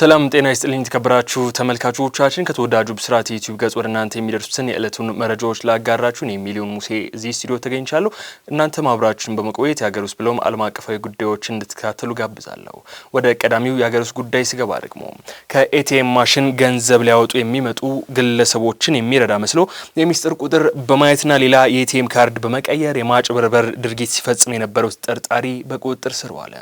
ሰላም ጤና ይስጥልኝ የተከበራችሁ ተመልካቾቻችን፣ ከተወዳጁ ብስራት ዩቲዩብ ገጽ ወደ እናንተ የሚደርሱትን የዕለቱን መረጃዎች ላጋራችሁ እኔ ሚሊዮን ሙሴ እዚህ ስቱዲዮ ተገኝቻለሁ። እናንተ ማብራችን በመቆየት የሀገር ውስጥ ብለውም ዓለም አቀፋዊ ጉዳዮችን እንድትከታተሉ ጋብዛለሁ። ወደ ቀዳሚው የሀገር ውስጥ ጉዳይ ስገባ ደግሞ ከኤቲኤም ማሽን ገንዘብ ሊያወጡ የሚመጡ ግለሰቦችን የሚረዳ መስሎ የሚስጥር ቁጥር በማየትና ሌላ የኤቲኤም ካርድ በመቀየር የማጭበርበር ድርጊት ሲፈጽም የነበረው ተጠርጣሪ በቁጥጥር ስር ዋለ።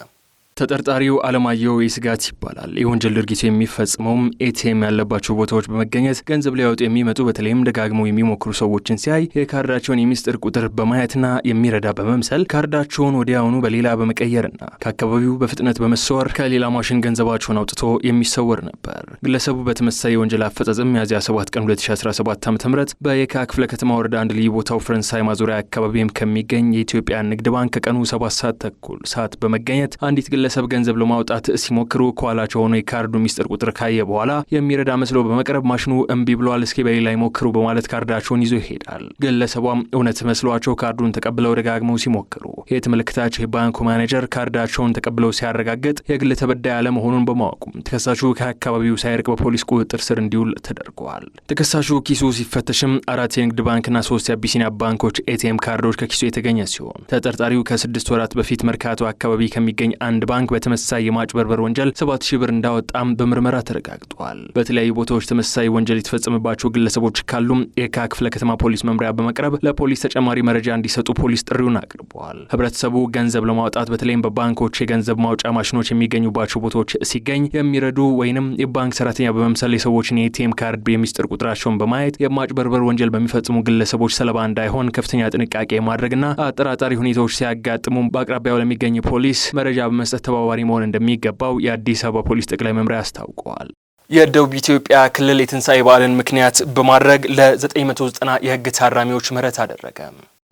ተጠርጣሪው አለማየሁ ይስጋት ይባላል። የወንጀል ድርጊቱ የሚፈጽመውም ኤቲኤም ያለባቸው ቦታዎች በመገኘት ገንዘብ ሊያወጡ የሚመጡ በተለይም ደጋግመው የሚሞክሩ ሰዎችን ሲያይ የካርዳቸውን የሚስጥር ቁጥር በማየትና የሚረዳ በመምሰል ካርዳቸውን ወዲያውኑ በሌላ በመቀየርና ከአካባቢው በፍጥነት በመሰወር ከሌላ ማሽን ገንዘባቸውን አውጥቶ የሚሰወር ነበር። ግለሰቡ በተመሳሳይ የወንጀል አፈጻጸም ሚያዝያ 7 ቀን 2017 ዓ ም በየካ ክፍለ ከተማ ወረዳ አንድ ልዩ ቦታው ፈረንሳይ ማዞሪያ አካባቢም ከሚገኝ የኢትዮጵያ ንግድ ባንክ ከቀኑ 7 ሰዓት ተኩል ሰዓት በመገኘት አንዲት ግለ ግለሰብ ገንዘብ ለማውጣት ሲሞክሩ ከኋላቸው ሆኖ የካርዱ ሚስጥር ቁጥር ካየ በኋላ የሚረዳ መስሎ በመቅረብ ማሽኑ እምቢ ብሏል፣ እስኪ በሌላ ሞክሩ በማለት ካርዳቸውን ይዞ ይሄዳል። ግለሰቧም እውነት መስሏቸው ካርዱን ተቀብለው ደጋግመው ሲሞክሩ የት ምልክታቸው የባንኩ ማኔጀር ካርዳቸውን ተቀብለው ሲያረጋግጥ የግል ተበዳይ አለመሆኑን በማወቁም ተከሳሹ ከአካባቢው ሳይርቅ በፖሊስ ቁጥጥር ስር እንዲውል ተደርገዋል። ተከሳሹ ኪሱ ሲፈተሽም አራት የንግድ ባንክና ሶስት የአቢሲኒያ ባንኮች ኤቲኤም ካርዶች ከኪሱ የተገኘ ሲሆን ተጠርጣሪው ከስድስት ወራት በፊት መርካቶ አካባቢ ከሚገኝ አንድ ባንክ ባንክ በተመሳሳይ የማጭበርበር ወንጀል ሰባት ሺህ ብር እንዳወጣም በምርመራ ተረጋግጧል። በተለያዩ ቦታዎች ተመሳሳይ ወንጀል የተፈጸመባቸው ግለሰቦች ካሉም የካ ክፍለ ከተማ ፖሊስ መምሪያ በመቅረብ ለፖሊስ ተጨማሪ መረጃ እንዲሰጡ ፖሊስ ጥሪውን አቅርበዋል። ህብረተሰቡ ገንዘብ ለማውጣት በተለይም በባንኮች የገንዘብ ማውጫ ማሽኖች የሚገኙባቸው ቦታዎች ሲገኝ የሚረዱ ወይንም የባንክ ሰራተኛ በመምሰል የሰዎችን የኤቲኤም ካርድ የሚስጥር ቁጥራቸውን በማየት የማጭበርበር ወንጀል በሚፈጽሙ ግለሰቦች ሰለባ እንዳይሆን ከፍተኛ ጥንቃቄ ማድረግና አጠራጣሪ ሁኔታዎች ሲያጋጥሙ በአቅራቢያው ለሚገኝ ፖሊስ መረጃ በመስጠት ተባባሪ መሆን እንደሚገባው የአዲስ አበባ ፖሊስ ጠቅላይ መምሪያ አስታውቀዋል። የደቡብ ኢትዮጵያ ክልል የትንሣኤ በዓልን ምክንያት በማድረግ ለ990 የሕግ ታራሚዎች ምህረት አደረገ።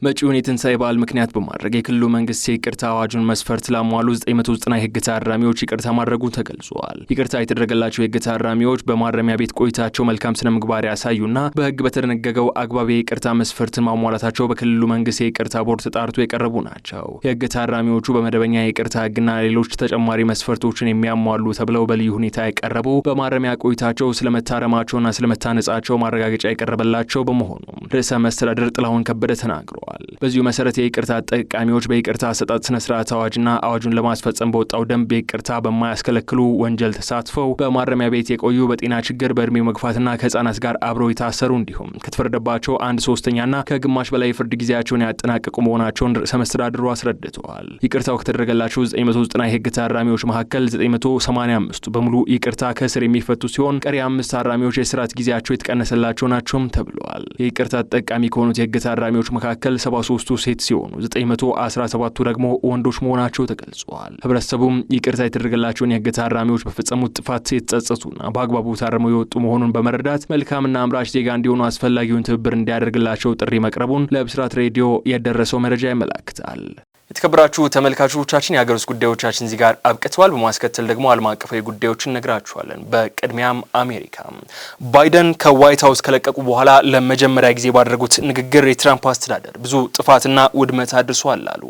መጪውን የትንሣኤ በዓል ምክንያት በማድረግ የክልሉ መንግስት የይቅርታ አዋጁን መስፈርት ላሟሉ 990 የህግ ታራሚዎች ይቅርታ ማድረጉ ተገልጿል። ይቅርታ የተደረገላቸው የህግ ታራሚዎች በማረሚያ ቤት ቆይታቸው መልካም ስነ ምግባር ያሳዩና በህግ በተደነገገው አግባብ የይቅርታ መስፈርትን ማሟላታቸው በክልሉ መንግስት የይቅርታ ቦርድ ተጣርቶ የቀረቡ ናቸው። የህግ ታራሚዎቹ በመደበኛ የይቅርታ ህግና ሌሎች ተጨማሪ መስፈርቶችን የሚያሟሉ ተብለው በልዩ ሁኔታ የቀረቡ በማረሚያ ቆይታቸው ስለመታረማቸውና ስለመታነጻቸው ማረጋገጫ የቀረበላቸው በመሆኑም ርዕሰ መስተዳደር ጥላሁን ከበደ ተናግሯል። al, በዚሁ መሰረት የይቅርታ ጠቃሚዎች በይቅርታ አሰጣጥ ስነ ስርዓት አዋጅና አዋጁን ለማስፈጸም በወጣው ደንብ የይቅርታ በማያስከለክሉ ወንጀል ተሳትፈው በማረሚያ ቤት የቆዩ በጤና ችግር በእድሜ መግፋትና ከህጻናት ጋር አብረው የታሰሩ እንዲሁም ከተፈረደባቸው አንድ ሶስተኛና ከግማሽ በላይ የፍርድ ጊዜያቸውን ያጠናቀቁ መሆናቸውን ርዕሰ መስተዳድሩ አስረድተዋል። ይቅርታው ከተደረገላቸው 990 የህግ ታራሚዎች መካከል 985 በሙሉ ይቅርታ ከእስር የሚፈቱ ሲሆን ቀሪ አምስት ታራሚዎች የስርዓት ጊዜያቸው የተቀነሰላቸው ናቸውም ተብለዋል። የይቅርታ ተጠቃሚ ከሆኑት የህግ ታራሚዎች መካከል 13 ቱ ሴት ሲሆኑ 917ቱ ደግሞ ወንዶች መሆናቸው ተገልጸዋል። ህብረተሰቡም ይቅርታ የተደረገላቸውን የህግ ታራሚዎች በፈጸሙት ጥፋት የተጸጸቱና በአግባቡ ታርመው የወጡ መሆኑን በመረዳት መልካምና አምራች ዜጋ እንዲሆኑ አስፈላጊውን ትብብር እንዲያደርግላቸው ጥሪ መቅረቡን ለብስራት ሬዲዮ የደረሰው መረጃ ያመላክታል። የተከበራችሁ ተመልካቾቻችን የሀገር ውስጥ ጉዳዮቻችን እዚህ ጋር አብቅተዋል። በማስከተል ደግሞ ዓለም አቀፋዊ ጉዳዮችን እነግራችኋለን። በቅድሚያም አሜሪካ ባይደን ከዋይት ሀውስ ከለቀቁ በኋላ ለመጀመሪያ ጊዜ ባደረጉት ንግግር የትራምፕ አስተዳደር ብዙ ጥፋትና ውድመት አድርሷል አሉ።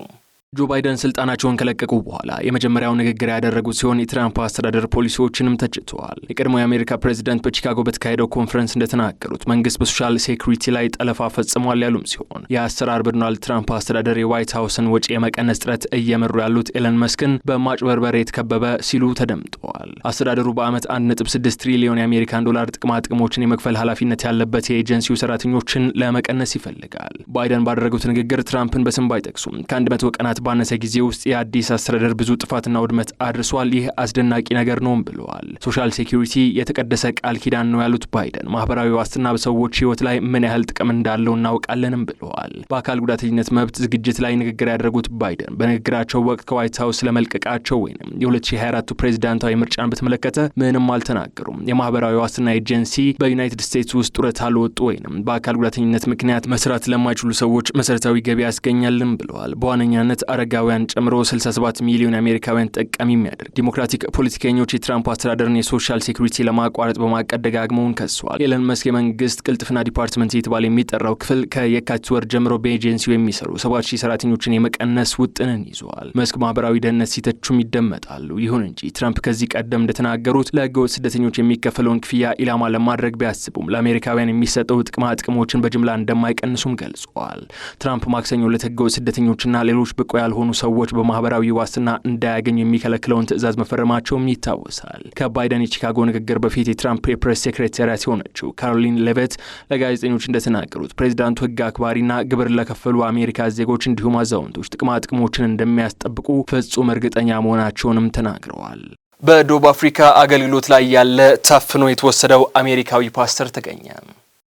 ጆ ባይደን ስልጣናቸውን ከለቀቁ በኋላ የመጀመሪያው ንግግር ያደረጉት ሲሆን የትራምፕ አስተዳደር ፖሊሲዎችንም ተችተዋል። የቀድሞው የአሜሪካ ፕሬዚዳንት በቺካጎ በተካሄደው ኮንፈረንስ እንደተናገሩት መንግስት በሶሻል ሴኩሪቲ ላይ ጠለፋ ፈጽሟል ያሉም ሲሆን የአሰራር በዶናልድ ትራምፕ አስተዳደር የዋይት ሀውስን ወጪ የመቀነስ ጥረት እየመሩ ያሉት ኤለን መስክን በማጭበርበር የተከበበ ሲሉ ተደምጠዋል። አስተዳደሩ በአመት 1.6 ትሪሊዮን የአሜሪካን ዶላር ጥቅማ ጥቅሞችን የመክፈል ኃላፊነት ያለበት የኤጀንሲው ሰራተኞችን ለመቀነስ ይፈልጋል። ባይደን ባደረጉት ንግግር ትራምፕን በስም ባይጠቅሱም ከአንድ ቀናት ባነሰ ጊዜ ውስጥ የአዲስ አስተዳደር ብዙ ጥፋትና ውድመት አድርሷል። ይህ አስደናቂ ነገር ነውም ብለዋል። ሶሻል ሴኪሪቲ የተቀደሰ ቃል ኪዳን ነው ያሉት ባይደን ማህበራዊ ዋስትና በሰዎች ህይወት ላይ ምን ያህል ጥቅም እንዳለው እናውቃለንም ብለዋል። በአካል ጉዳተኝነት መብት ዝግጅት ላይ ንግግር ያደረጉት ባይደን በንግግራቸው ወቅት ከዋይት ሀውስ ለመልቀቃቸው ወይም የ2024 ፕሬዚዳንታዊ ምርጫን በተመለከተ ምንም አልተናገሩም። የማህበራዊ ዋስትና ኤጀንሲ በዩናይትድ ስቴትስ ውስጥ ጡረታ ለወጡ ወይም በአካል ጉዳተኝነት ምክንያት መስራት ለማይችሉ ሰዎች መሰረታዊ ገቢ ያስገኛልን ብለዋል። በዋነኛነት አረጋውያን ጨምሮ 67 ሚሊዮን አሜሪካውያን ተጠቃሚ የሚያደርግ ዲሞክራቲክ ፖለቲከኞች የትራምፕ አስተዳደርን የሶሻል ሴኩሪቲ ለማቋረጥ በማቀድ ደጋግመውን ከሰዋል። ኤለን መስክ የመንግስት ቅልጥፍና ዲፓርትመንት የተባለ የሚጠራው ክፍል ከየካቲት ወር ጀምሮ በኤጀንሲው የሚሰሩ ሺህ ሰራተኞችን የመቀነስ ውጥንን ይዘዋል። መስክ ማህበራዊ ደህንነት ሲተቹም ይደመጣሉ። ይሁን እንጂ ትራምፕ ከዚህ ቀደም እንደተናገሩት ለህገወጥ ስደተኞች የሚከፈለውን ክፍያ ኢላማ ለማድረግ ቢያስቡም ለአሜሪካውያን የሚሰጠው ጥቅማ ጥቅሞችን በጅምላ እንደማይቀንሱም ገልጸዋል። ትራምፕ ማክሰኞ ዕለት ህገወጥ ስደተኞችና ሌሎች ብቁ ያልሆኑ ሰዎች በማህበራዊ ዋስትና እንዳያገኙ የሚከለክለውን ትዕዛዝ መፈረማቸውም ይታወሳል። ከባይደን የቺካጎ ንግግር በፊት የትራምፕ የፕሬስ ሴክሬታሪያት የሆነችው ካሮሊን ሌቬት ለጋዜጠኞች እንደተናገሩት ፕሬዚዳንቱ ህግ አክባሪና ግብር ለከፈሉ አሜሪካ ዜጎች እንዲሁም አዛውንቶች ጥቅማ ጥቅሞችን እንደሚያስጠብቁ ፍጹም እርግጠኛ መሆናቸውንም ተናግረዋል። በደቡብ አፍሪካ አገልግሎት ላይ ያለ ታፍኖ የተወሰደው አሜሪካዊ ፓስተር ተገኘ።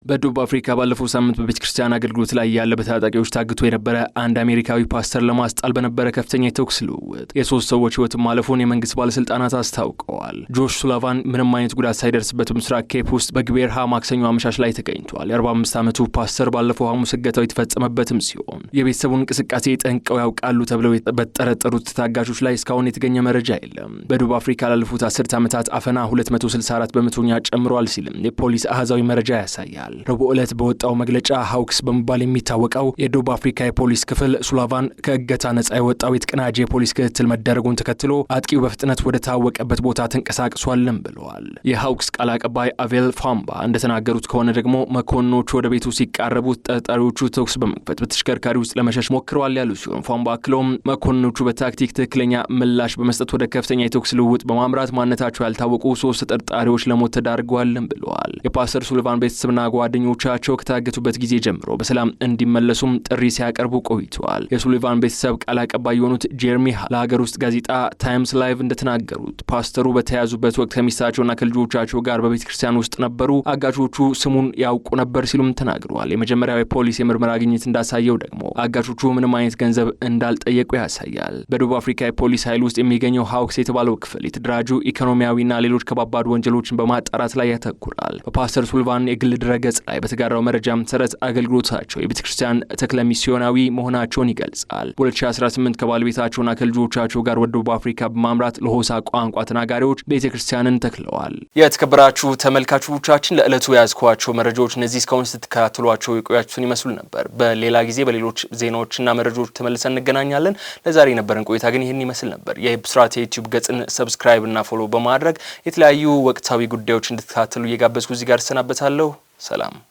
በደቡብ አፍሪካ ባለፈው ሳምንት በቤተ ክርስቲያን አገልግሎት ላይ ያለ በታጣቂዎች ታግቶ የነበረ አንድ አሜሪካዊ ፓስተር ለማስጣል በነበረ ከፍተኛ የተኩስ ልውውጥ የሶስት ሰዎች ህይወት ማለፉን የመንግስት ባለስልጣናት አስታውቀዋል። ጆሽ ሱላቫን ምንም አይነት ጉዳት ሳይደርስበት ምስራቅ ኬፕ ውስጥ በግቤርሃ ማክሰኞ አመሻሽ ላይ ተገኝቷል። የ45 ዓመቱ ፓስተር ባለፈው ሐሙስ እገታው የተፈጸመበትም ሲሆን የቤተሰቡን እንቅስቃሴ ጠንቀው ያውቃሉ ተብለው በጠረጠሩት ታጋቾች ላይ እስካሁን የተገኘ መረጃ የለም። በደቡብ አፍሪካ ላለፉት አስርት ዓመታት አፈና 264 በመቶኛ ጨምሯል ሲልም የፖሊስ አህዛዊ መረጃ ያሳያል። ይገኛል። ረቡዕ ዕለት በወጣው መግለጫ ሀውክስ በመባል የሚታወቀው የደቡብ አፍሪካ የፖሊስ ክፍል ሱላቫን ከእገታ ነጻ የወጣው የተቀናጀ የፖሊስ ክትትል መደረጉን ተከትሎ አጥቂው በፍጥነት ወደ ታወቀበት ቦታ ተንቀሳቅሷልም ብለዋል። የሀውክስ ቃል አቀባይ አቬል ፋምባ እንደተናገሩት ከሆነ ደግሞ መኮንኖቹ ወደ ቤቱ ሲቃረቡ ተጠርጣሪዎቹ ተኩስ በመክፈት በተሽከርካሪ ውስጥ ለመሸሽ ሞክረዋል ያሉ ሲሆን ፋምባ አክለውም መኮንኖቹ በታክቲክ ትክክለኛ ምላሽ በመስጠት ወደ ከፍተኛ የተኩስ ልውውጥ በማምራት ማንነታቸው ያልታወቁ ሶስት ተጠርጣሪዎች ለሞት ተዳርገዋልም ብለዋል። የፓስተር ሱሊቫን ቤተሰብና ጓደኞቻቸው ከታገቱበት ጊዜ ጀምሮ በሰላም እንዲመለሱም ጥሪ ሲያቀርቡ ቆይተዋል። የሱሊቫን ቤተሰብ ቃል አቀባይ የሆኑት ጄርሚ ለሀገር ውስጥ ጋዜጣ ታይምስ ላይቭ እንደተናገሩት ፓስተሩ በተያዙበት ወቅት ከሚስታቸውና ከልጆቻቸው ጋር በቤተ ክርስቲያን ውስጥ ነበሩ። አጋቾቹ ስሙን ያውቁ ነበር ሲሉም ተናግረዋል። የመጀመሪያው የፖሊስ የምርመራ ግኝት እንዳሳየው ደግሞ አጋቾቹ ምንም አይነት ገንዘብ እንዳልጠየቁ ያሳያል። በደቡብ አፍሪካ የፖሊስ ኃይል ውስጥ የሚገኘው ሀውክስ የተባለው ክፍል የተደራጁ ኢኮኖሚያዊና ሌሎች ከባባድ ወንጀሎችን በማጣራት ላይ ያተኩራል። በፓስተር ሱልቫን የግል ድረገ ገጽ ላይ በተጋራው መረጃ መሰረት አገልግሎታቸው የቤተ ክርስቲያን ተክለ ሚስዮናዊ መሆናቸውን ይገልጻል። በ2018 ከባለቤታቸውና ከልጆቻቸው ጋር ወደ ደቡብ አፍሪካ በማምራት ለሆሳ ቋንቋ ተናጋሪዎች ቤተ ክርስቲያንን ተክለዋል። የተከበራችሁ ተመልካቾቻችን ለዕለቱ የያዝኳቸው መረጃዎች እነዚህ እስካሁን ስትከታተሏቸው የቆያችሁትን ይመስሉ ነበር። በሌላ ጊዜ በሌሎች ዜናዎችና መረጃዎች ተመልሰን እንገናኛለን። ለዛሬ የነበረን ቆይታ ግን ይህን ይመስል ነበር። የብስራት የዩቲዩብ ገጽን ሰብስክራይብ እና ፎሎ በማድረግ የተለያዩ ወቅታዊ ጉዳዮች እንድትከታተሉ እየጋበዝኩ እዚህ ጋር እሰናበታለሁ። ሰላም